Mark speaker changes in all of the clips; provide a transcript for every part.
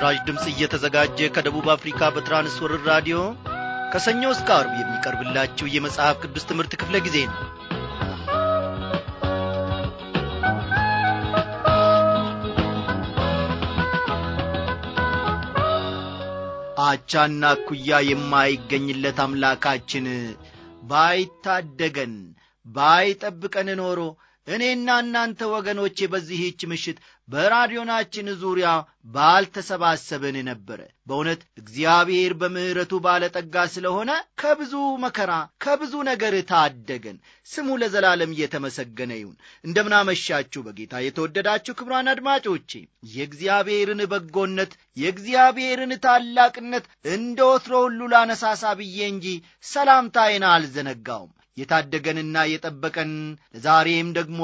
Speaker 1: ለምስራች ድምፅ እየተዘጋጀ ከደቡብ አፍሪካ በትራንስወርር ራዲዮ ከሰኞ እስከ አርብ የሚቀርብላችሁ የመጽሐፍ ቅዱስ ትምህርት ክፍለ ጊዜ ነው አቻና ኩያ የማይገኝለት አምላካችን ባይታደገን ባይጠብቀን ኖሮ እኔና እናንተ ወገኖቼ በዚህች ምሽት በራዲዮናችን ዙሪያ ባልተሰባሰብን ነበረ። በእውነት እግዚአብሔር በምሕረቱ ባለጠጋ ስለሆነ ከብዙ መከራ ከብዙ ነገር ታደገን። ስሙ ለዘላለም እየተመሰገነ ይሁን። እንደምናመሻችሁ በጌታ የተወደዳችሁ ክብሯን አድማጮቼ የእግዚአብሔርን በጎነት የእግዚአብሔርን ታላቅነት እንደ ወትሮ ሁሉ ላነሳሳ ብዬ እንጂ ሰላምታዬን አልዘነጋውም። የታደገንና የጠበቀን ለዛሬም ደግሞ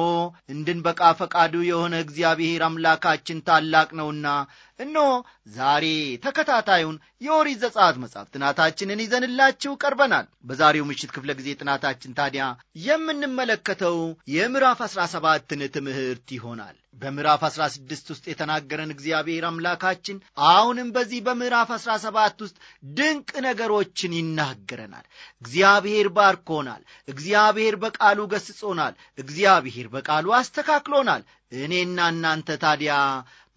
Speaker 1: እንድንበቃ ፈቃዱ የሆነ እግዚአብሔር አምላካችን ታላቅ ነውና እነሆ ዛሬ ተከታታዩን የኦሪት ዘጸአት መጽሐፍ ጥናታችንን ይዘንላችሁ ቀርበናል። በዛሬው ምሽት ክፍለ ጊዜ ጥናታችን ታዲያ የምንመለከተው የምዕራፍ አሥራ ሰባትን ትምህርት ይሆናል። በምዕራፍ ስድስት ውስጥ የተናገረን እግዚአብሔር አምላካችን አሁንም በዚህ በምዕራፍ ሰባት ውስጥ ድንቅ ነገሮችን ይናገረናል። እግዚአብሔር ባርኮናል። እግዚአብሔር በቃሉ ገስጾናል። እግዚአብሔር በቃሉ አስተካክሎናል። እኔና እናንተ ታዲያ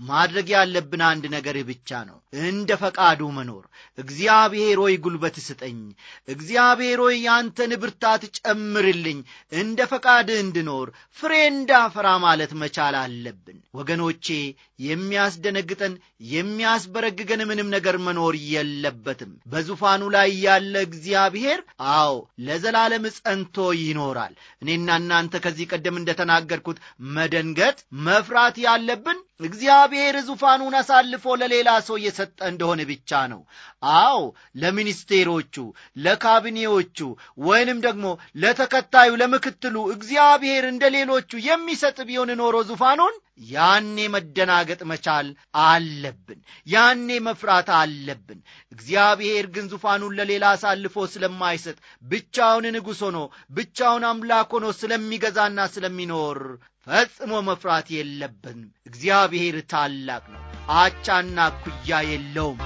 Speaker 1: ማድረግ ያለብን አንድ ነገር ብቻ ነው፣ እንደ ፈቃዱ መኖር። እግዚአብሔር ሆይ ጉልበት ስጠኝ፣ እግዚአብሔር ሆይ ያንተን ብርታት ጨምርልኝ፣ እንደ ፈቃድህ እንድኖር ፍሬ እንዳፈራ ማለት መቻል አለብን። ወገኖቼ የሚያስደነግጠን የሚያስበረግገን ምንም ነገር መኖር የለበትም። በዙፋኑ ላይ ያለ እግዚአብሔር አዎ ለዘላለም ጸንቶ ይኖራል። እኔና እናንተ ከዚህ ቀደም እንደተናገርኩት መደንገጥ፣ መፍራት ያለብን እግዚአብሔር ዙፋኑን አሳልፎ ለሌላ ሰው እየሰጠ እንደሆነ ብቻ ነው። አዎ ለሚኒስቴሮቹ፣ ለካቢኔዎቹ ወይንም ደግሞ ለተከታዩ ለምክትሉ እግዚአብሔር እንደ ሌሎቹ የሚሰጥ ቢሆን ኖሮ ዙፋኑን ያኔ መደናገጥ መቻል አለብን። ያኔ መፍራት አለብን። እግዚአብሔር ግን ዙፋኑን ለሌላ አሳልፎ ስለማይሰጥ ብቻውን ንጉሥ ሆኖ ብቻውን አምላክ ሆኖ ስለሚገዛና ስለሚኖር ፈጽሞ መፍራት የለብንም። እግዚአብሔር ታላቅ ነው፣ አቻና ኩያ የለውም።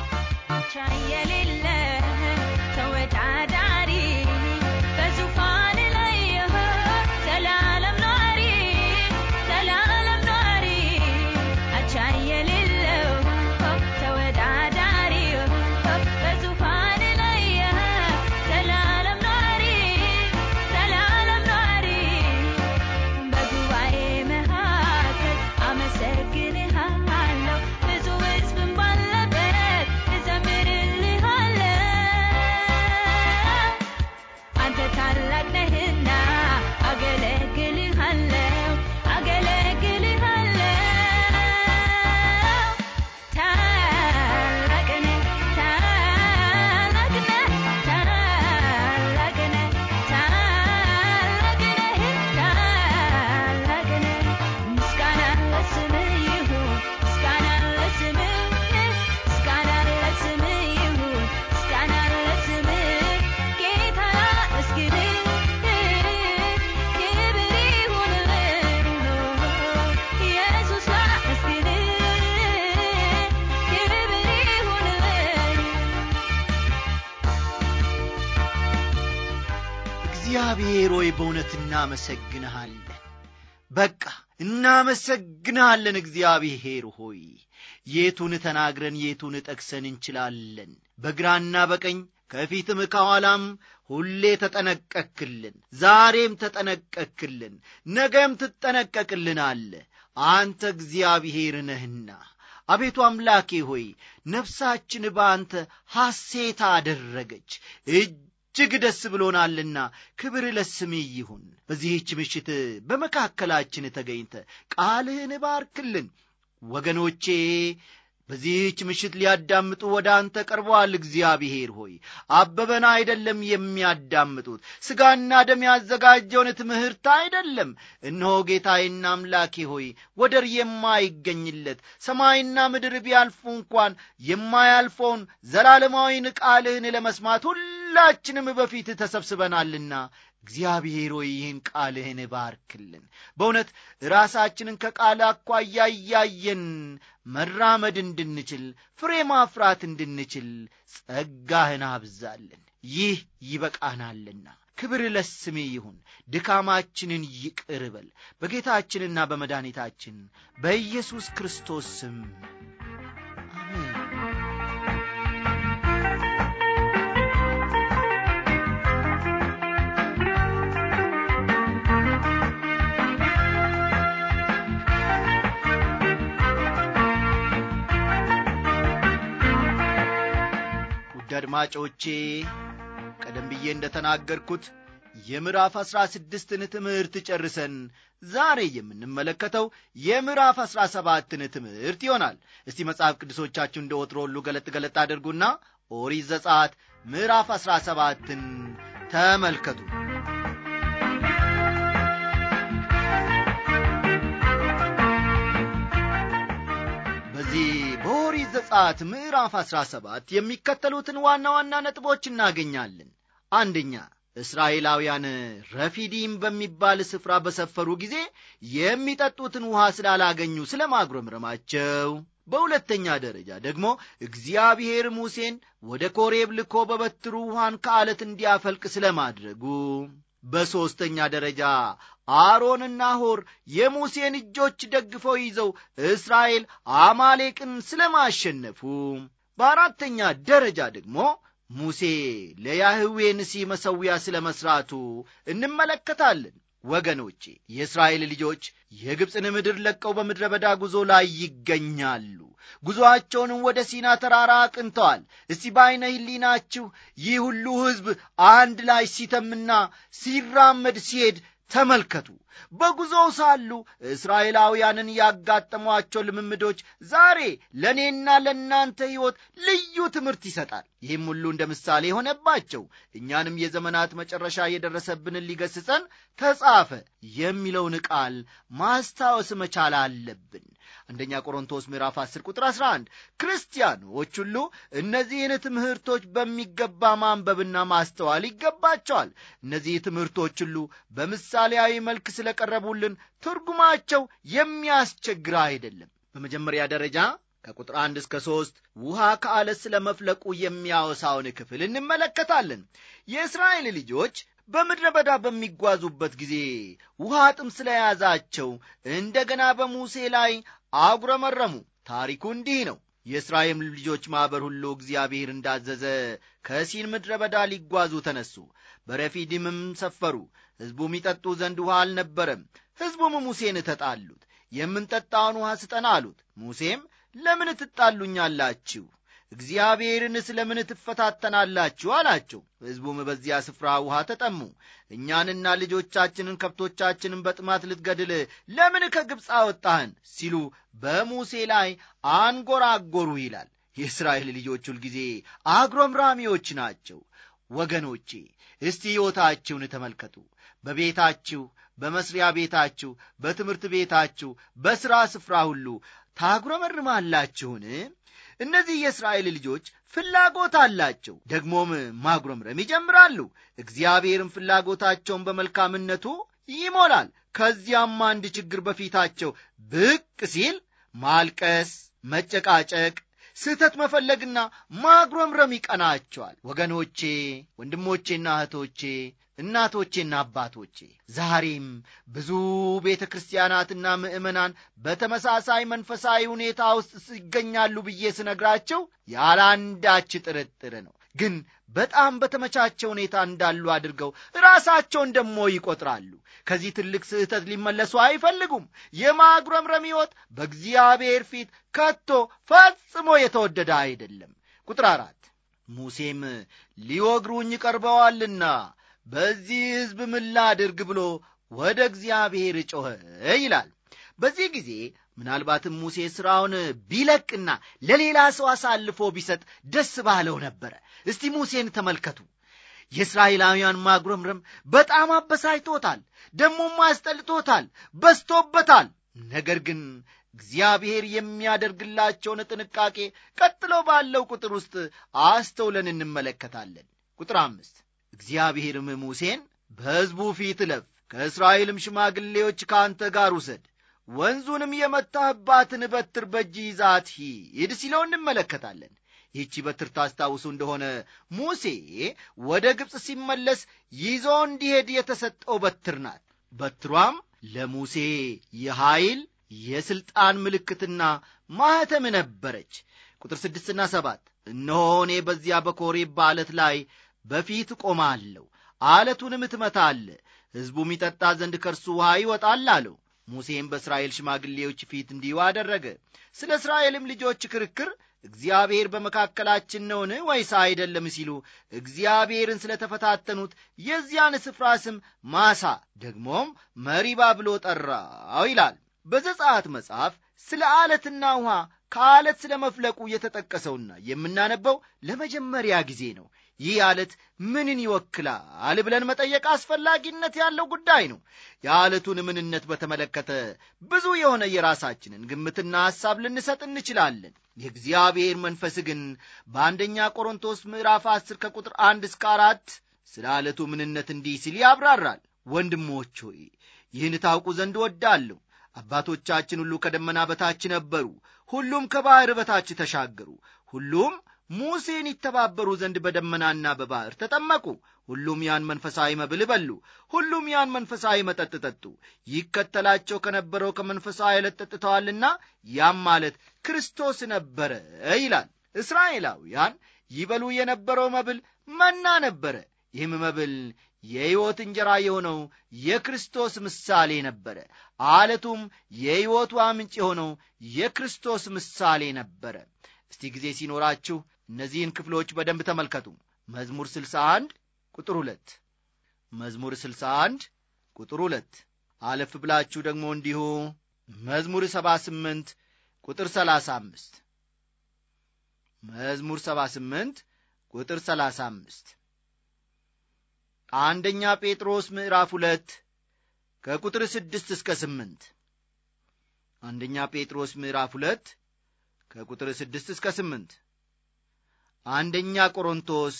Speaker 1: እናመሰግንሃለን። በቃ እናመሰግንሃለን እግዚአብሔር ሆይ የቱን ተናግረን የቱን ጠቅሰን እንችላለን? በግራና በቀኝ ከፊትም ከኋላም ሁሌ ተጠነቀክልን፣ ዛሬም ተጠነቀክልን፣ ነገም አለ። አንተ እግዚአብሔር ነህና አቤቱ አምላኬ ሆይ ነፍሳችን በአንተ ሐሴት አደረገች እጅ እጅግ ደስ ብሎናልና ክብር ለስም ይሁን። በዚህች ምሽት በመካከላችን ተገኝተ ቃልህን ባርክልን። ወገኖቼ በዚህች ምሽት ሊያዳምጡ ወደ አንተ ቀርበዋል። እግዚአብሔር ሆይ አበበን አይደለም የሚያዳምጡት፣ ሥጋና ደም ያዘጋጀውን ትምህርት አይደለም። እነሆ ጌታዬና አምላኬ ሆይ ወደር የማይገኝለት ሰማይና ምድር ቢያልፉ እንኳን የማያልፈውን ዘላለማዊን ቃልህን ለመስማት ሁሉ ሁላችንም በፊት ተሰብስበናልና እግዚአብሔር ሆይ ይህን ቃልህን ባርክልን። በእውነት ራሳችንን ከቃል አኳያ እያየን መራመድ እንድንችል፣ ፍሬ ማፍራት እንድንችል ጸጋህን አብዛልን። ይህ ይበቃናልና ክብር ለስሜ ይሁን። ድካማችንን ይቅርበል በጌታችንና በመድኃኒታችን በኢየሱስ ክርስቶስ ስም አድማጮቼ ቀደም ብዬ እንደ ተናገርኩት የምዕራፍ ዐሥራ ስድስትን ትምህርት ጨርሰን ዛሬ የምንመለከተው የምዕራፍ ዐሥራ ሰባትን ትምህርት ይሆናል። እስቲ መጽሐፍ ቅዱሶቻችሁ እንደ ወትሮ ሁሉ ገለጥ ገለጥ አድርጉና ኦሪት ዘጸአት ምዕራፍ ዐሥራ ሰባትን ተመልከቱ። ዘጸአት ምዕራፍ ሰባት የሚከተሉትን ዋና ዋና ነጥቦች እናገኛለን። አንደኛ እስራኤላውያን ረፊዲም በሚባል ስፍራ በሰፈሩ ጊዜ የሚጠጡትን ውሃ ስላላገኙ ስለ ማጉረምረማቸው፣ በሁለተኛ ደረጃ ደግሞ እግዚአብሔር ሙሴን ወደ ኮሬብ ልኮ በበትሩ ውሃን ከአለት እንዲያፈልቅ ስለማድረጉ በሦስተኛ ደረጃ አሮንና ሆር የሙሴን እጆች ደግፈው ይዘው እስራኤል አማሌቅን ስለማሸነፉ፣ በአራተኛ ደረጃ ደግሞ ሙሴ ለያህዌ ንሲ መሠዊያ ስለ መሥራቱ እንመለከታለን። ወገኖቼ የእስራኤል ልጆች የግብፅን ምድር ለቀው በምድረ በዳ ጉዞ ላይ ይገኛሉ። ጉዞአቸውንም ወደ ሲና ተራራ አቅንተዋል። እስቲ በዐይነ ህሊናችሁ ይህ ሁሉ ሕዝብ አንድ ላይ ሲተምና ሲራመድ ሲሄድ ተመልከቱ። በጉዞው ሳሉ እስራኤላውያንን ያጋጠሟቸው ልምምዶች ዛሬ ለእኔና ለእናንተ ሕይወት ልዩ ትምህርት ይሰጣል። ይህም ሁሉ እንደ ምሳሌ የሆነባቸው እኛንም የዘመናት መጨረሻ የደረሰብንን ሊገስጸን ተጻፈ የሚለውን ቃል ማስታወስ መቻል አለብን። አንደኛ ቆሮንቶስ ምዕራፍ 10 ቁጥር 11 ክርስቲያኖች ሁሉ እነዚህን ትምህርቶች በሚገባ ማንበብና ማስተዋል ይገባቸዋል። እነዚህ ትምህርቶች ሁሉ በምሳሌያዊ መልክ ስለቀረቡልን ትርጉማቸው የሚያስቸግር አይደለም። በመጀመሪያ ደረጃ ከቁጥር አንድ እስከ ሦስት ውሃ ከአለት ስለ መፍለቁ የሚያወሳውን ክፍል እንመለከታለን። የእስራኤል ልጆች በምድረ በዳ በሚጓዙበት ጊዜ ውሃ ጥም ስለያዛቸው እንደ ገና በሙሴ ላይ አጉረመረሙ። ታሪኩ እንዲህ ነው። የእስራኤል ልጆች ማኅበር ሁሉ እግዚአብሔር እንዳዘዘ ከሲን ምድረ በዳ ሊጓዙ ተነሱ። በረፊድምም ሰፈሩ። ሕዝቡም ይጠጡ ዘንድ ውሃ አልነበረም። ሕዝቡም ሙሴን ተጣሉት። የምንጠጣውን ውሃ ስጠን አሉት። ሙሴም ለምን ትጣሉኛላችሁ እግዚአብሔርን ምን ትፈታተናላችሁ? አላቸው። ሕዝቡም በዚያ ስፍራ ውሃ ተጠሙ። እኛንና ልጆቻችንን ከብቶቻችንን በጥማት ልትገድል ለምን ከግብፅ አወጣህን? ሲሉ በሙሴ ላይ አንጎራጎሩ ይላል። የእስራኤል ልጆች ሁልጊዜ አግሮምራሚዎች ናቸው። ወገኖቼ እስቲ ሕይወታችሁን ተመልከቱ። በቤታችሁ፣ በመስሪያ ቤታችሁ፣ በትምህርት ቤታችሁ፣ በሥራ ስፍራ ሁሉ ታጉረመርማላችሁን? እነዚህ የእስራኤል ልጆች ፍላጎት አላቸው፣ ደግሞም ማጉረምረም ይጀምራሉ። እግዚአብሔርም ፍላጎታቸውን በመልካምነቱ ይሞላል። ከዚያም አንድ ችግር በፊታቸው ብቅ ሲል ማልቀስ፣ መጨቃጨቅ ስህተት መፈለግና ማጉረምረም ይቀናቸዋል። ወገኖቼ፣ ወንድሞቼና እህቶቼ፣ እናቶቼና አባቶቼ ዛሬም ብዙ ቤተ ክርስቲያናትና ምዕመናን በተመሳሳይ መንፈሳዊ ሁኔታ ውስጥ ይገኛሉ ብዬ ስነግራቸው ያለ አንዳች ጥርጥር ነው። ግን በጣም በተመቻቸ ሁኔታ እንዳሉ አድርገው ራሳቸውን ደሞ ይቆጥራሉ። ከዚህ ትልቅ ስህተት ሊመለሱ አይፈልጉም። የማጉረምረም ሕይወት በእግዚአብሔር ፊት ከቶ ፈጽሞ የተወደደ አይደለም። ቁጥር አራት ሙሴም ሊወግሩኝ ቀርበዋልና በዚህ ሕዝብ ምን ላድርግ ብሎ ወደ እግዚአብሔር ጮኸ ይላል። በዚህ ጊዜ ምናልባትም ሙሴ ሥራውን ቢለቅና ለሌላ ሰው አሳልፎ ቢሰጥ ደስ ባለው ነበረ። እስቲ ሙሴን ተመልከቱ። የእስራኤላውያን ማጉረምረም በጣም አበሳጭቶታል፣ ደሞም አስጠልቶታል፣ በስቶበታል። ነገር ግን እግዚአብሔር የሚያደርግላቸውን ጥንቃቄ ቀጥሎ ባለው ቁጥር ውስጥ አስተውለን እንመለከታለን። ቁጥር አምስት እግዚአብሔርም ሙሴን በሕዝቡ ፊት እለፍ፣ ከእስራኤልም ሽማግሌዎች ከአንተ ጋር ውሰድ ወንዙንም የመታህባትን በትር በእጅ ይዛት ሂድ ሲለው እንመለከታለን። ይህቺ በትር ታስታውሱ እንደሆነ ሙሴ ወደ ግብፅ ሲመለስ ይዞ እንዲሄድ የተሰጠው በትር ናት። በትሯም ለሙሴ የኃይል የሥልጣን ምልክትና ማኅተም ነበረች። ቁጥር ስድስትና ሰባት እነሆ እኔ በዚያ በኮሬብ በዓለት ላይ በፊት ቆማለሁ፣ አለቱንም እትመታለ፣ ሕዝቡም ይጠጣ ዘንድ ከእርሱ ውሃ ይወጣል አለው። ሙሴም በእስራኤል ሽማግሌዎች ፊት እንዲሁ አደረገ። ስለ እስራኤልም ልጆች ክርክር እግዚአብሔር በመካከላችን ነውን ወይስ አይደለም ሲሉ እግዚአብሔርን ስለ ተፈታተኑት የዚያን ስፍራ ስም ማሳ ደግሞም መሪባ ብሎ ጠራው ይላል። በዘጸአት መጽሐፍ ስለ አለትና ውሃ ከአለት ስለ መፍለቁ የተጠቀሰውና የምናነበው ለመጀመሪያ ጊዜ ነው። ይህ አለት ምንን ይወክላል ብለን መጠየቅ አስፈላጊነት ያለው ጉዳይ ነው። የአለቱን ምንነት በተመለከተ ብዙ የሆነ የራሳችንን ግምትና ሐሳብ ልንሰጥ እንችላለን። የእግዚአብሔር መንፈስ ግን በአንደኛ ቆሮንቶስ ምዕራፍ ዐሥር ከቁጥር 1 እስከ አራት ስለ አለቱ ምንነት እንዲህ ሲል ያብራራል። ወንድሞች ሆይ ይህን ታውቁ ዘንድ ወዳለሁ። አባቶቻችን ሁሉ ከደመና በታች ነበሩ፣ ሁሉም ከባሕር በታች ተሻገሩ፣ ሁሉም ሙሴን ይተባበሩ ዘንድ በደመናና በባሕር ተጠመቁ። ሁሉም ያን መንፈሳዊ መብል በሉ፣ ሁሉም ያን መንፈሳዊ መጠጥ ጠጡ። ይከተላቸው ከነበረው ከመንፈሳዊ ዕለት ጠጥተዋልና ያም ማለት ክርስቶስ ነበረ ይላል። እስራኤላውያን ይበሉ የነበረው መብል መና ነበረ። ይህም መብል የሕይወት እንጀራ የሆነው የክርስቶስ ምሳሌ ነበረ። አለቱም የሕይወቷ ምንጭ የሆነው የክርስቶስ ምሳሌ ነበረ። እስቲ ጊዜ ሲኖራችሁ እነዚህን ክፍሎች በደንብ ተመልከቱ መዝሙር 61 ቁጥር 2 መዝሙር 61 ቁጥር 2 አለፍ ብላችሁ ደግሞ እንዲሁ መዝሙር 78 ቁጥር 35 መዝሙር 78 ቁጥር 35 አንደኛ ጴጥሮስ ምዕራፍ 2 ከቁጥር 6 እስከ 8 አንደኛ ጴጥሮስ ምዕራፍ ሁለት ከቁጥር 6 እስከ 8 አንደኛ ቆሮንቶስ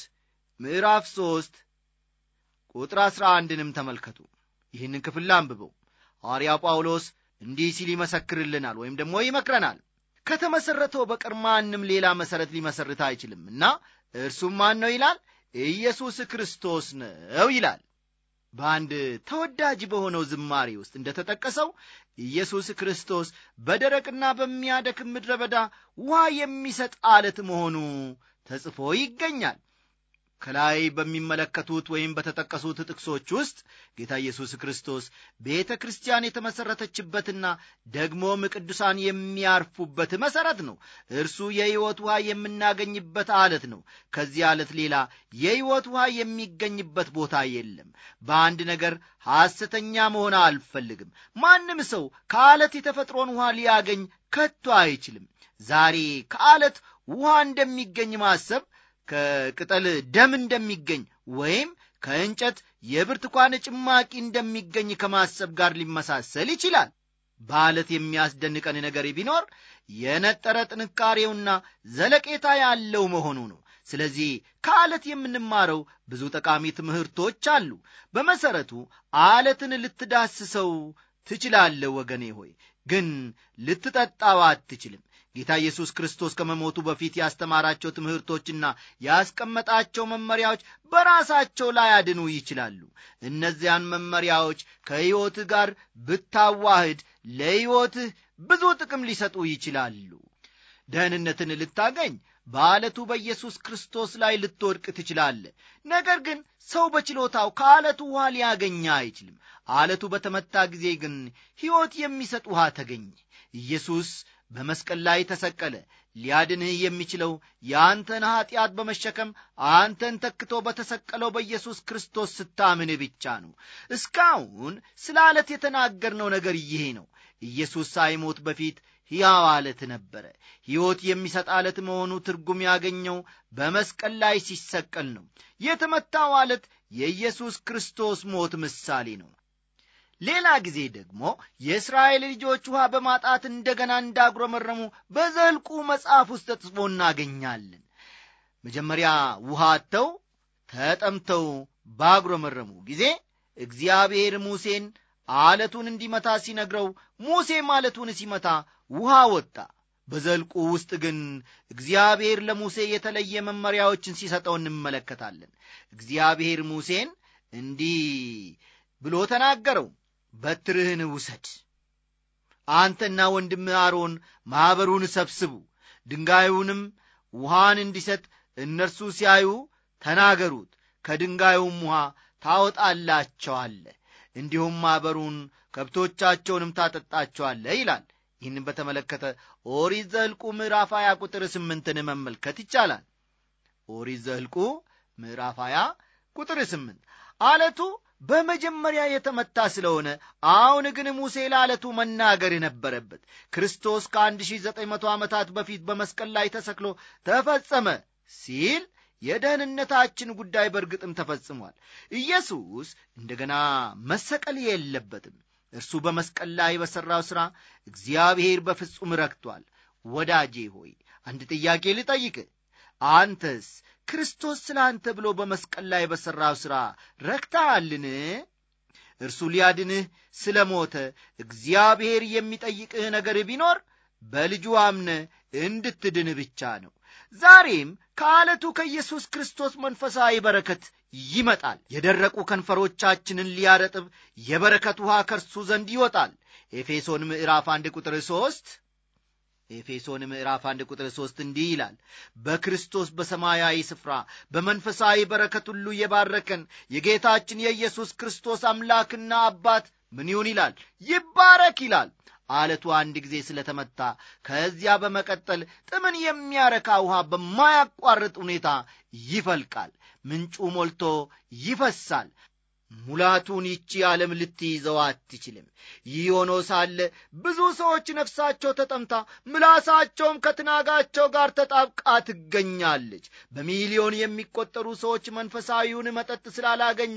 Speaker 1: ምዕራፍ ሦስት ቁጥር አሥራ አንድንም ተመልከቱ። ይህንን ክፍል አንብበው ሐዋርያው ጳውሎስ እንዲህ ሲል ይመሰክርልናል ወይም ደግሞ ይመክረናል። ከተመሠረተው በቀር ማንም ሌላ መሠረት ሊመሠርት እና እርሱም ማን ነው ይላል? ኢየሱስ ክርስቶስ ነው ይላል። በአንድ ተወዳጅ በሆነው ዝማሬ ውስጥ እንደተጠቀሰው ኢየሱስ ክርስቶስ በደረቅና በሚያደክም ምድረ በዳ ውሃ የሚሰጥ አለት መሆኑ ተጽፎ ይገኛል። ከላይ በሚመለከቱት ወይም በተጠቀሱት ጥቅሶች ውስጥ ጌታ ኢየሱስ ክርስቶስ ቤተ ክርስቲያን የተመሠረተችበትና ደግሞም ቅዱሳን የሚያርፉበት መሠረት ነው። እርሱ የሕይወት ውሃ የምናገኝበት አለት ነው። ከዚህ አለት ሌላ የሕይወት ውሃ የሚገኝበት ቦታ የለም። በአንድ ነገር ሐሰተኛ መሆን አልፈልግም። ማንም ሰው ከአለት የተፈጥሮን ውሃ ሊያገኝ ከቶ አይችልም። ዛሬ ከአለት ውሃ እንደሚገኝ ማሰብ ከቅጠል ደም እንደሚገኝ ወይም ከእንጨት የብርቱካን ጭማቂ እንደሚገኝ ከማሰብ ጋር ሊመሳሰል ይችላል። በአለት የሚያስደንቀን ነገር ቢኖር የነጠረ ጥንካሬውና ዘለቄታ ያለው መሆኑ ነው። ስለዚህ ከአለት የምንማረው ብዙ ጠቃሚ ትምህርቶች አሉ። በመሠረቱ አለትን ልትዳስሰው ትችላለህ ወገኔ ሆይ፣ ግን ልትጠጣው አትችልም። ጌታ ኢየሱስ ክርስቶስ ከመሞቱ በፊት ያስተማራቸው ትምህርቶችና ያስቀመጣቸው መመሪያዎች በራሳቸው አድኑ ይችላሉ። እነዚያን መመሪያዎች ከሕይወትህ ጋር ብታዋህድ ለሕይወትህ ብዙ ጥቅም ሊሰጡ ይችላሉ። ደህንነትን ልታገኝ በዓለቱ በኢየሱስ ክርስቶስ ላይ ልትወድቅ ትችላለህ። ነገር ግን ሰው በችሎታው ከዓለቱ ውሃ ሊያገኛ አይችልም። ዓለቱ በተመታ ጊዜ ግን ሕይወት የሚሰጥ ውሃ ተገኘ። ኢየሱስ በመስቀል ላይ ተሰቀለ። ሊያድንህ የሚችለው የአንተን ኀጢአት በመሸከም አንተን ተክቶ በተሰቀለው በኢየሱስ ክርስቶስ ስታምን ብቻ ነው። እስካሁን ስለ አለት የተናገርነው ነገር ይሄ ነው። ኢየሱስ ሳይሞት በፊት ሕያው አለት ነበረ። ሕይወት የሚሰጥ አለት መሆኑ ትርጉም ያገኘው በመስቀል ላይ ሲሰቀል ነው። የተመታው አለት የኢየሱስ ክርስቶስ ሞት ምሳሌ ነው። ሌላ ጊዜ ደግሞ የእስራኤል ልጆች ውሃ በማጣት እንደገና እንዳጉረመረሙ በዘልቁ መጽሐፍ ውስጥ ተጽፎ እናገኛለን። መጀመሪያ ውሃ አጥተው ተጠምተው ባጉረመረሙ ጊዜ እግዚአብሔር ሙሴን አለቱን እንዲመታ ሲነግረው ሙሴ ማለቱን ሲመታ ውሃ ወጣ። በዘልቁ ውስጥ ግን እግዚአብሔር ለሙሴ የተለየ መመሪያዎችን ሲሰጠው እንመለከታለን። እግዚአብሔር ሙሴን እንዲህ ብሎ ተናገረው። በትርህን ውሰድ፣ አንተና ወንድም አሮን ማኅበሩን ሰብስቡ፣ ድንጋዩንም ውሃን እንዲሰጥ እነርሱ ሲያዩ ተናገሩት፣ ከድንጋዩም ውሃ ታወጣላቸዋለ እንዲሁም ማኅበሩን ከብቶቻቸውንም ታጠጣቸዋለ ይላል። ይህን በተመለከተ ኦሪት ዘኍልቍ ምዕራፍ ሀያ ቁጥር ስምንትን መመልከት ይቻላል። ኦሪት ዘኍልቍ ምዕራፍ ሀያ ቁጥር ስምንት አለቱ በመጀመሪያ የተመታ ስለሆነ አሁን ግን ሙሴ ለዓለቱ መናገር የነበረበት ክርስቶስ ከ መቶ ዓመታት በፊት በመስቀል ላይ ተሰክሎ ተፈጸመ ሲል የደህንነታችን ጉዳይ በእርግጥም ተፈጽሟል። ኢየሱስ እንደገና መሰቀል የለበትም። እርሱ በመስቀል ላይ በሠራው ሥራ እግዚአብሔር በፍጹም ረክቷል። ወዳጄ ሆይ አንድ ጥያቄ ልጠይቅህ። አንተስ ክርስቶስ ስለ አንተ ብሎ በመስቀል ላይ በሠራው ሥራ ረክተሃልን? እርሱ ሊያድንህ ስለ ሞተ እግዚአብሔር የሚጠይቅህ ነገር ቢኖር በልጁ አምነ እንድትድን ብቻ ነው። ዛሬም ከዓለቱ ከኢየሱስ ክርስቶስ መንፈሳዊ በረከት ይመጣል። የደረቁ ከንፈሮቻችንን ሊያረጥብ የበረከት ውሃ ከርሱ ዘንድ ይወጣል። ኤፌሶን ምዕራፍ 1 ቁጥር 3 ኤፌሶን ምዕራፍ አንድ ቁጥር ሦስት እንዲህ ይላል በክርስቶስ በሰማያዊ ስፍራ በመንፈሳዊ በረከት ሁሉ የባረከን የጌታችን የኢየሱስ ክርስቶስ አምላክና አባት ምን ይሁን ይላል ይባረክ ይላል አለቱ አንድ ጊዜ ስለተመታ ከዚያ በመቀጠል ጥምን የሚያረካ ውሃ በማያቋርጥ ሁኔታ ይፈልቃል ምንጩ ሞልቶ ይፈሳል ሙላቱን ይቺ ዓለም ልትይዘው አትችልም። ይህ ሆኖ ሳለ ብዙ ሰዎች ነፍሳቸው ተጠምታ ምላሳቸውም ከትናጋቸው ጋር ተጣብቃ ትገኛለች። በሚሊዮን የሚቆጠሩ ሰዎች መንፈሳዊውን መጠጥ ስላላገኙ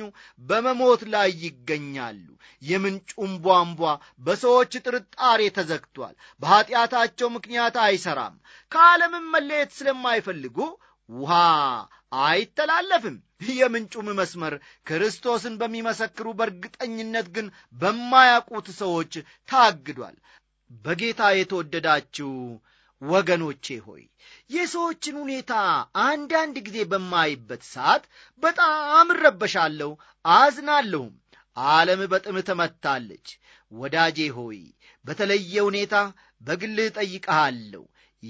Speaker 1: በመሞት ላይ ይገኛሉ። የምንጩም ቧንቧ በሰዎች ጥርጣሬ ተዘግቷል። በኀጢአታቸው ምክንያት አይሠራም። ከዓለምም መለየት ስለማይፈልጉ ውሃ አይተላለፍም። የምንጩም መስመር ክርስቶስን በሚመሰክሩ በእርግጠኝነት ግን በማያውቁት ሰዎች ታግዷል። በጌታ የተወደዳችው ወገኖቼ ሆይ የሰዎችን ሁኔታ አንዳንድ ጊዜ በማይበት ሰዓት በጣም እረበሻለሁ፣ አዝናለሁም። ዓለም በጥም ተመታለች። ወዳጄ ሆይ በተለየ ሁኔታ በግልህ ጠይቀሃለሁ።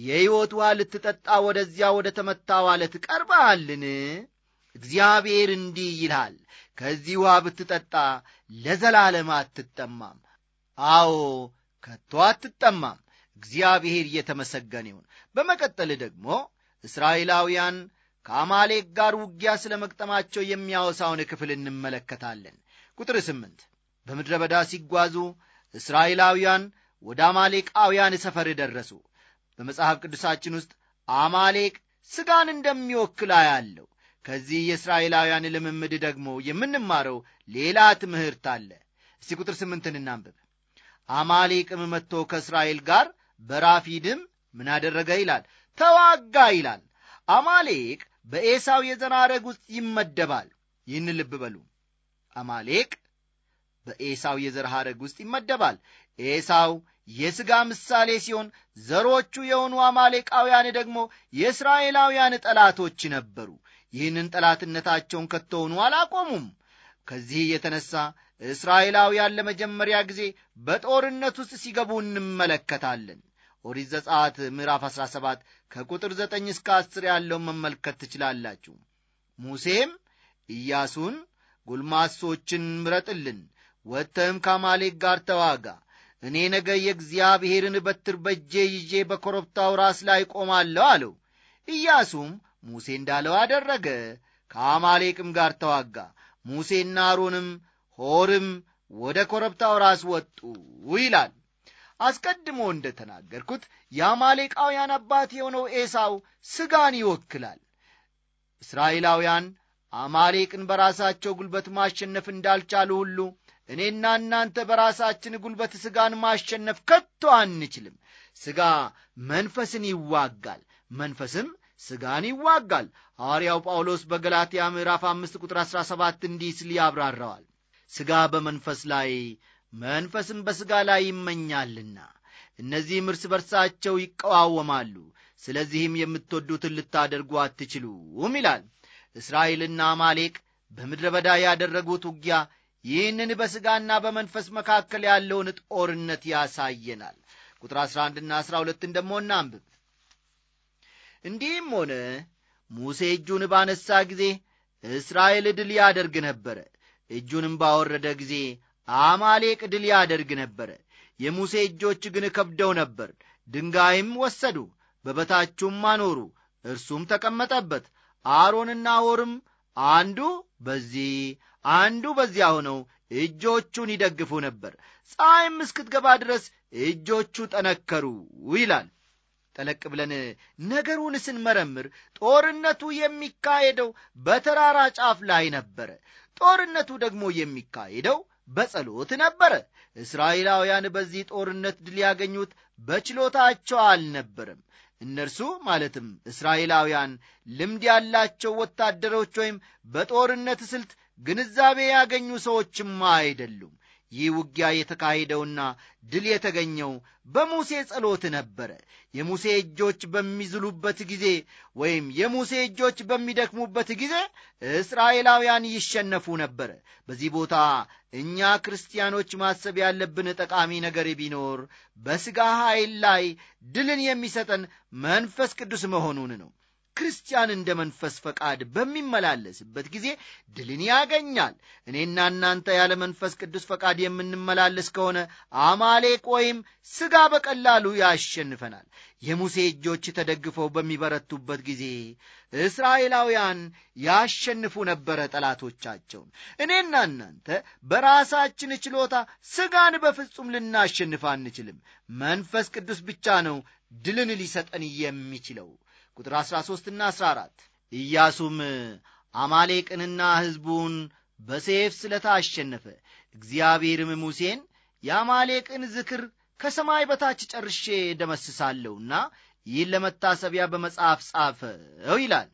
Speaker 1: የሕይወት ውሃ ልትጠጣ ወደዚያ ወደ ተመታ ዋለት ቀርበሃልን? እግዚአብሔር እንዲህ ይልሃል፣ ከዚህ ውሃ ብትጠጣ ለዘላለም አትጠማም። አዎ ከቶ አትጠማም። እግዚአብሔር እየተመሰገን ይሁን። በመቀጠል ደግሞ እስራኤላውያን ከአማሌክ ጋር ውጊያ ስለ መቅጠማቸው የሚያወሳውን ክፍል እንመለከታለን። ቁጥር ስምንት በምድረ በዳ ሲጓዙ እስራኤላውያን ወደ አማሌቃውያን ሰፈር ደረሱ። በመጽሐፍ ቅዱሳችን ውስጥ አማሌቅ ስጋን እንደሚወክል አያለው። ከዚህ የእስራኤላውያን ልምምድ ደግሞ የምንማረው ሌላ ትምህርት አለ። እስቲ ቁጥር ስምንትን እናንብብ። አማሌቅም መጥቶ ከእስራኤል ጋር በራፊድም ምን አደረገ ይላል፣ ተዋጋ ይላል። አማሌቅ በኤሳው የዘር ውስጥ ይመደባል። ይህን ልብ በሉ። አማሌቅ በኤሳው የዘር ሐረግ ውስጥ ይመደባል። ኤሳው የሥጋ ምሳሌ ሲሆን ዘሮቹ የሆኑ አማሌቃውያን ደግሞ የእስራኤላውያን ጠላቶች ነበሩ። ይህንን ጠላትነታቸውን ከቶውኑ አላቆሙም። ከዚህ የተነሳ እስራኤላውያን ለመጀመሪያ ጊዜ በጦርነት ውስጥ ሲገቡ እንመለከታለን። ኦሪት ዘጸአት ምዕራፍ 17 ከቁጥር 9 እስከ 10 ያለውን መመልከት ትችላላችሁ። ሙሴም ኢያሱን ጎልማሶችን ምረጥልን፣ ወጥተህም ከማሌክ ጋር ተዋጋ እኔ ነገ የእግዚአብሔርን በትር በጄ ይዤ በኮረብታው ራስ ላይ ቆማለሁ አለው። ኢያሱም ሙሴ እንዳለው አደረገ። ከአማሌቅም ጋር ተዋጋ። ሙሴና አሮንም ሆርም ወደ ኮረብታው ራስ ወጡ ይላል። አስቀድሞ እንደ ተናገርኩት የአማሌቃውያን አባት የሆነው ኤሳው ስጋን ይወክላል። እስራኤላውያን አማሌቅን በራሳቸው ጉልበት ማሸነፍ እንዳልቻሉ ሁሉ እኔና እናንተ በራሳችን ጉልበት ሥጋን ማሸነፍ ከቶ አንችልም። ሥጋ መንፈስን ይዋጋል፣ መንፈስም ሥጋን ይዋጋል። ሐዋርያው ጳውሎስ በገላትያ ምዕራፍ 5 ቁጥር 17 እንዲህ ሲል ያብራራዋል። ሥጋ በመንፈስ ላይ መንፈስም በሥጋ ላይ ይመኛልና እነዚህም እርስ በርሳቸው ይቀዋወማሉ። ስለዚህም የምትወዱትን ልታደርጉ አትችሉም ይላል። እስራኤልና አማሌቅ በምድረ በዳ ያደረጉት ውጊያ ይህንን በሥጋና በመንፈስ መካከል ያለውን ጦርነት ያሳየናል። ቁጥር 11ና 12 ደግሞ እናንብብ። እንዲህም ሆነ ሙሴ እጁን ባነሳ ጊዜ እስራኤል ድል ያደርግ ነበረ። እጁንም ባወረደ ጊዜ አማሌቅ ድል ያደርግ ነበረ። የሙሴ እጆች ግን ከብደው ነበር። ድንጋይም ወሰዱ፣ በበታቹም አኖሩ፣ እርሱም ተቀመጠበት። አሮንና ወርም አንዱ በዚህ አንዱ በዚያ ሆነው እጆቹን ይደግፉ ነበር። ፀሐይም እስክትገባ ድረስ እጆቹ ጠነከሩ ይላል። ጠለቅ ብለን ነገሩን ስንመረምር ጦርነቱ የሚካሄደው በተራራ ጫፍ ላይ ነበረ። ጦርነቱ ደግሞ የሚካሄደው በጸሎት ነበረ። እስራኤላውያን በዚህ ጦርነት ድል ያገኙት በችሎታቸው አልነበረም። እነርሱ ማለትም እስራኤላውያን ልምድ ያላቸው ወታደሮች ወይም በጦርነት ስልት ግንዛቤ ያገኙ ሰዎችም አይደሉም። ይህ ውጊያ የተካሄደውና ድል የተገኘው በሙሴ ጸሎት ነበረ። የሙሴ እጆች በሚዝሉበት ጊዜ ወይም የሙሴ እጆች በሚደክሙበት ጊዜ እስራኤላውያን ይሸነፉ ነበረ። በዚህ ቦታ እኛ ክርስቲያኖች ማሰብ ያለብን ጠቃሚ ነገር ቢኖር በሥጋ ኃይል ላይ ድልን የሚሰጠን መንፈስ ቅዱስ መሆኑን ነው። ክርስቲያን እንደ መንፈስ ፈቃድ በሚመላለስበት ጊዜ ድልን ያገኛል። እኔና እናንተ ያለ መንፈስ ቅዱስ ፈቃድ የምንመላለስ ከሆነ አማሌቅ ወይም ሥጋ በቀላሉ ያሸንፈናል። የሙሴ እጆች ተደግፈው በሚበረቱበት ጊዜ እስራኤላውያን ያሸንፉ ነበረ ጠላቶቻቸውን። እኔና እናንተ በራሳችን ችሎታ ሥጋን በፍጹም ልናሸንፍ አንችልም። መንፈስ ቅዱስ ብቻ ነው ድልን ሊሰጠን የሚችለው። ቁጥር 13 እና 14 ኢያሱም አማሌቅንና ሕዝቡን በሴፍ ስለታሸነፈ እግዚአብሔርም ሙሴን የአማሌቅን ዝክር ከሰማይ በታች ጨርሼ ደመስሳለሁና ይህን ለመታሰቢያ በመጽሐፍ ጻፈው ይላል።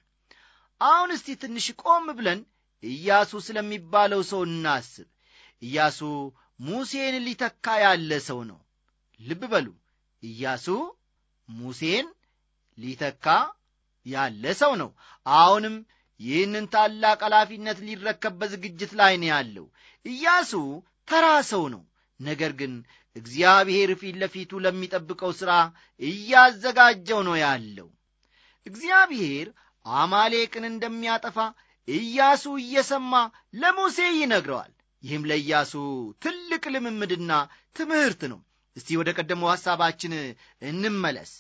Speaker 1: አሁን እስቲ ትንሽ ቆም ብለን ኢያሱ ስለሚባለው ሰው እናስብ። ኢያሱ ሙሴን ሊተካ ያለ ሰው ነው። ልብ በሉ፣ ኢያሱ ሙሴን ሊተካ ያለ ሰው ነው። አሁንም ይህንን ታላቅ ኃላፊነት ሊረከብ በዝግጅት ላይ ነው ያለው። ኢያሱ ተራ ሰው ነው። ነገር ግን እግዚአብሔር ፊት ለፊቱ ለሚጠብቀው ሥራ እያዘጋጀው ነው ያለው። እግዚአብሔር አማሌቅን እንደሚያጠፋ ኢያሱ እየሰማ ለሙሴ ይነግረዋል። ይህም ለኢያሱ ትልቅ ልምምድና ትምህርት ነው። እስቲ ወደ ቀደመው ሐሳባችን እንመለስ።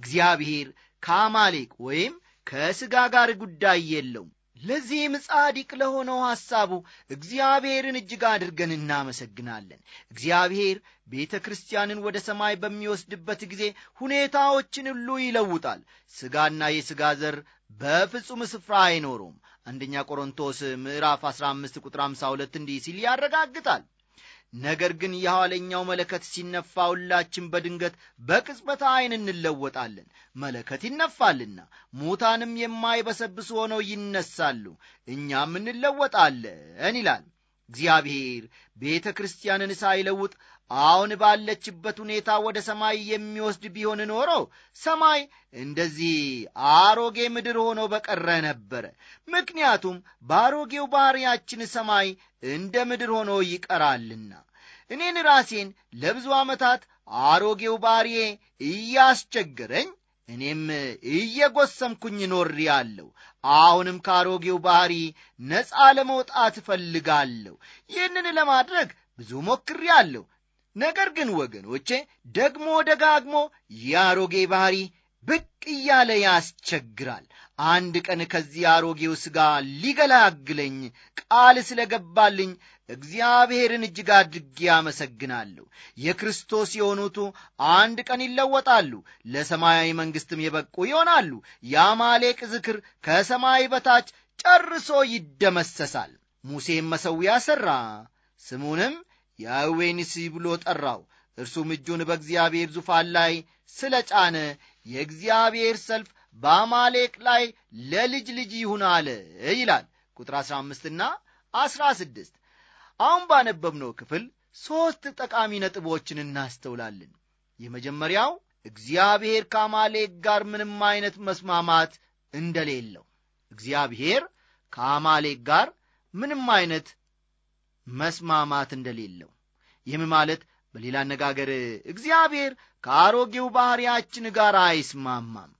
Speaker 1: እግዚአብሔር ከአማሌቅ ወይም ከሥጋ ጋር ጉዳይ የለውም። ለዚህም ጻድቅ ለሆነው ሐሳቡ እግዚአብሔርን እጅግ አድርገን እናመሰግናለን። እግዚአብሔር ቤተ ክርስቲያንን ወደ ሰማይ በሚወስድበት ጊዜ ሁኔታዎችን ሁሉ ይለውጣል። ሥጋና የሥጋ ዘር በፍጹም ስፍራ አይኖሩም። አንደኛ ቆሮንቶስ ምዕራፍ 15 ቁጥር 52 እንዲህ ሲል ያረጋግጣል። ነገር ግን የኋለኛው መለከት ሲነፋ ሁላችን በድንገት በቅጽበት ዐይን እንለወጣለን። መለከት ይነፋልና ሙታንም የማይበሰብስ ሆነው ይነሳሉ፣ እኛም እንለወጣለን ይላል። እግዚአብሔር ቤተ ክርስቲያንን ሳይለውጥ አሁን ባለችበት ሁኔታ ወደ ሰማይ የሚወስድ ቢሆን ኖሮ ሰማይ እንደዚህ አሮጌ ምድር ሆኖ በቀረ ነበረ። ምክንያቱም በአሮጌው ባሕርያችን ሰማይ እንደ ምድር ሆኖ ይቀራልና። እኔን ራሴን ለብዙ ዓመታት አሮጌው ባሕርዬ እያስቸገረኝ እኔም እየጎሰምኩኝ ኖር ያለው አሁንም ከአሮጌው ባሕሪ ነፃ ለመውጣት እፈልጋለሁ። ይህንን ለማድረግ ብዙ ሞክሬ አለሁ። ነገር ግን ወገኖቼ ደግሞ ደጋግሞ የአሮጌ ባህሪ ብቅ እያለ ያስቸግራል። አንድ ቀን ከዚህ አሮጌው ሥጋ ሊገላግለኝ ቃል ስለ ገባልኝ እግዚአብሔርን እጅግ አድርጌ አመሰግናለሁ። የክርስቶስ የሆኑቱ አንድ ቀን ይለወጣሉ፣ ለሰማያዊ መንግሥትም የበቁ ይሆናሉ። የአማሌቅ ዝክር ከሰማይ በታች ጨርሶ ይደመሰሳል። ሙሴም መሠዊያ ሠራ፣ ስሙንም ያዌኒስ ብሎ ጠራው እርሱም እጁን በእግዚአብሔር ዙፋን ላይ ስለ ጫነ የእግዚአብሔር ሰልፍ በአማሌቅ ላይ ለልጅ ልጅ ይሁን አለ ይላል ቁጥር 15 አሥራ 16 አሁን ባነበብነው ክፍል ሦስት ጠቃሚ ነጥቦችን እናስተውላለን የመጀመሪያው እግዚአብሔር ከአማሌቅ ጋር ምንም አይነት መስማማት እንደሌለው እግዚአብሔር ከአማሌቅ ጋር ምንም አይነት መስማማት እንደሌለው ይህም ማለት በሌላ አነጋገር እግዚአብሔር ከአሮጌው ባሕርያችን ጋር አይስማማም።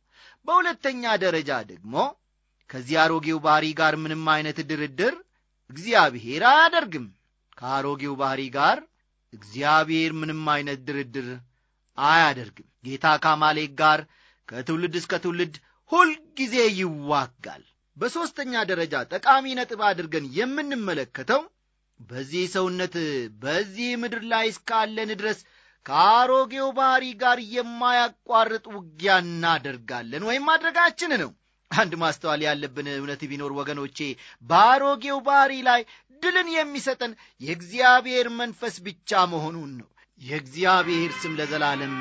Speaker 1: በሁለተኛ ደረጃ ደግሞ ከዚህ አሮጌው ባሕሪ ጋር ምንም አይነት ድርድር እግዚአብሔር አያደርግም። ከአሮጌው ባሕሪ ጋር እግዚአብሔር ምንም አይነት ድርድር አያደርግም። ጌታ ከማሌክ ጋር ከትውልድ እስከ ትውልድ ሁልጊዜ ይዋጋል። በሦስተኛ ደረጃ ጠቃሚ ነጥብ አድርገን የምንመለከተው በዚህ ሰውነት በዚህ ምድር ላይ እስካለን ድረስ ከአሮጌው ባህሪ ጋር የማያቋርጥ ውጊያ እናደርጋለን ወይም ማድረጋችን ነው። አንድ ማስተዋል ያለብን እውነት ቢኖር ወገኖቼ፣ በአሮጌው ባህሪ ላይ ድልን የሚሰጠን የእግዚአብሔር መንፈስ ብቻ መሆኑን ነው። የእግዚአብሔር ስም ለዘላለም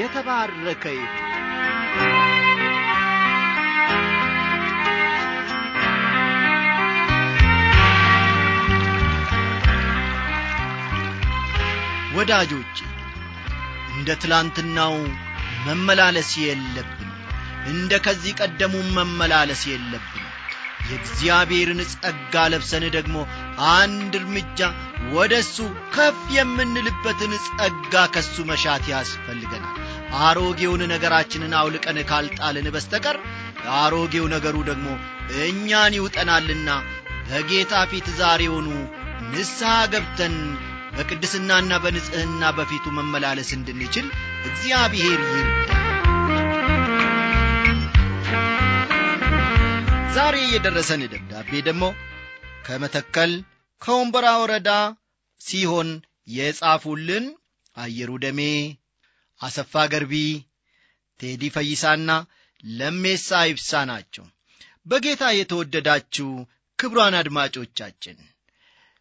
Speaker 1: የተባረከ ይሁን። ወዳጆቼ እንደ ትላንትናው መመላለስ የለብን እንደ ከዚህ ቀደሙ መመላለስ የለብን የእግዚአብሔርን ጸጋ ለብሰን ደግሞ አንድ እርምጃ ወደ እሱ ከፍ የምንልበትን ጸጋ ከሱ መሻት ያስፈልገናል አሮጌውን ነገራችንን አውልቀን ካልጣልን በስተቀር አሮጌው ነገሩ ደግሞ እኛን ይውጠናልና በጌታ ፊት ዛሬውኑ ንስሐ ገብተን በቅድስናና በንጽሕና በፊቱ መመላለስ እንድንችል እግዚአብሔር ይርዳ ዛሬ የደረሰን ደብዳቤ ደግሞ ከመተከል ከወንበራ ወረዳ ሲሆን የጻፉልን አየሩ ደሜ፣ አሰፋ ገርቢ፣ ቴዲ ፈይሳና ለሜሳ ይብሳ ናቸው። በጌታ የተወደዳችሁ ክብሯን አድማጮቻችን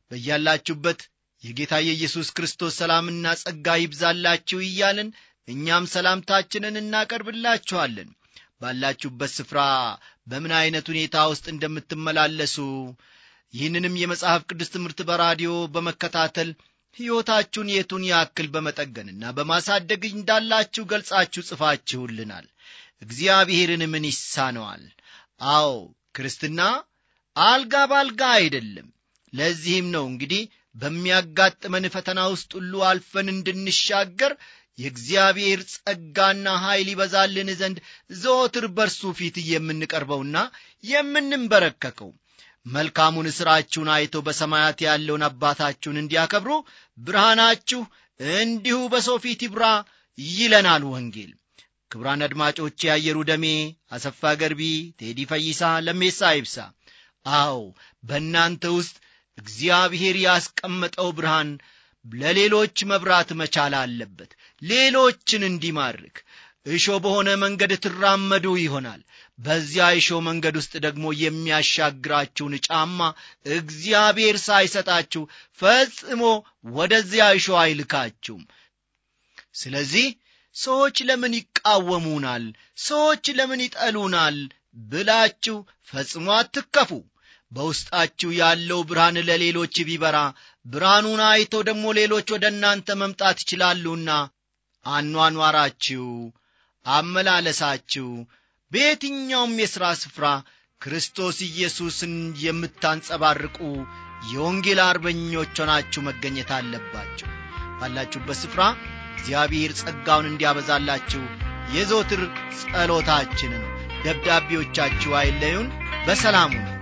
Speaker 1: በያላችሁበት የጌታ የኢየሱስ ክርስቶስ ሰላምና ጸጋ ይብዛላችሁ እያልን እኛም ሰላምታችንን እናቀርብላችኋለን። ባላችሁበት ስፍራ በምን ዐይነት ሁኔታ ውስጥ እንደምትመላለሱ ይህንንም የመጽሐፍ ቅዱስ ትምህርት በራዲዮ በመከታተል ሕይወታችሁን የቱን ያክል በመጠገንና በማሳደግ እንዳላችሁ ገልጻችሁ ጽፋችሁልናል። እግዚአብሔርን ምን ይሳነዋል? አዎ ክርስትና አልጋ ባልጋ አይደለም። ለዚህም ነው እንግዲህ በሚያጋጥመን ፈተና ውስጥ ሁሉ አልፈን እንድንሻገር የእግዚአብሔር ጸጋና ኀይል ይበዛልን ዘንድ ዘወትር በርሱ ፊት የምንቀርበውና የምንንበረከከው መልካሙን ሥራችሁን አይቶ በሰማያት ያለውን አባታችሁን እንዲያከብሩ ብርሃናችሁ እንዲሁ በሰው ፊት ይብራ ይለናል ወንጌል። ክብራን አድማጮቼ የአየሩ ደሜ፣ አሰፋ ገርቢ፣ ቴዲ ፈይሳ፣ ለሜሳ ይብሳ። አዎ በእናንተ ውስጥ እግዚአብሔር ያስቀመጠው ብርሃን ለሌሎች መብራት መቻል አለበት ሌሎችን እንዲማርክ እሾ በሆነ መንገድ ትራመዱ ይሆናል በዚያ እሾ መንገድ ውስጥ ደግሞ የሚያሻግራችሁን ጫማ እግዚአብሔር ሳይሰጣችሁ ፈጽሞ ወደዚያ እሾ አይልካችሁም ስለዚህ ሰዎች ለምን ይቃወሙናል ሰዎች ለምን ይጠሉናል ብላችሁ ፈጽሞ አትከፉ በውስጣችሁ ያለው ብርሃን ለሌሎች ቢበራ ብርሃኑን አይተው ደግሞ ሌሎች ወደ እናንተ መምጣት ይችላሉና አኗኗራችሁ፣ አመላለሳችሁ፣ በየትኛውም የሥራ ስፍራ ክርስቶስ ኢየሱስን የምታንጸባርቁ የወንጌል አርበኞች ሆናችሁ መገኘት አለባችሁ። ባላችሁበት ስፍራ እግዚአብሔር ጸጋውን እንዲያበዛላችሁ የዘወትር ጸሎታችን ነው። ደብዳቤዎቻችሁ አይለዩን። በሰላሙ ነው።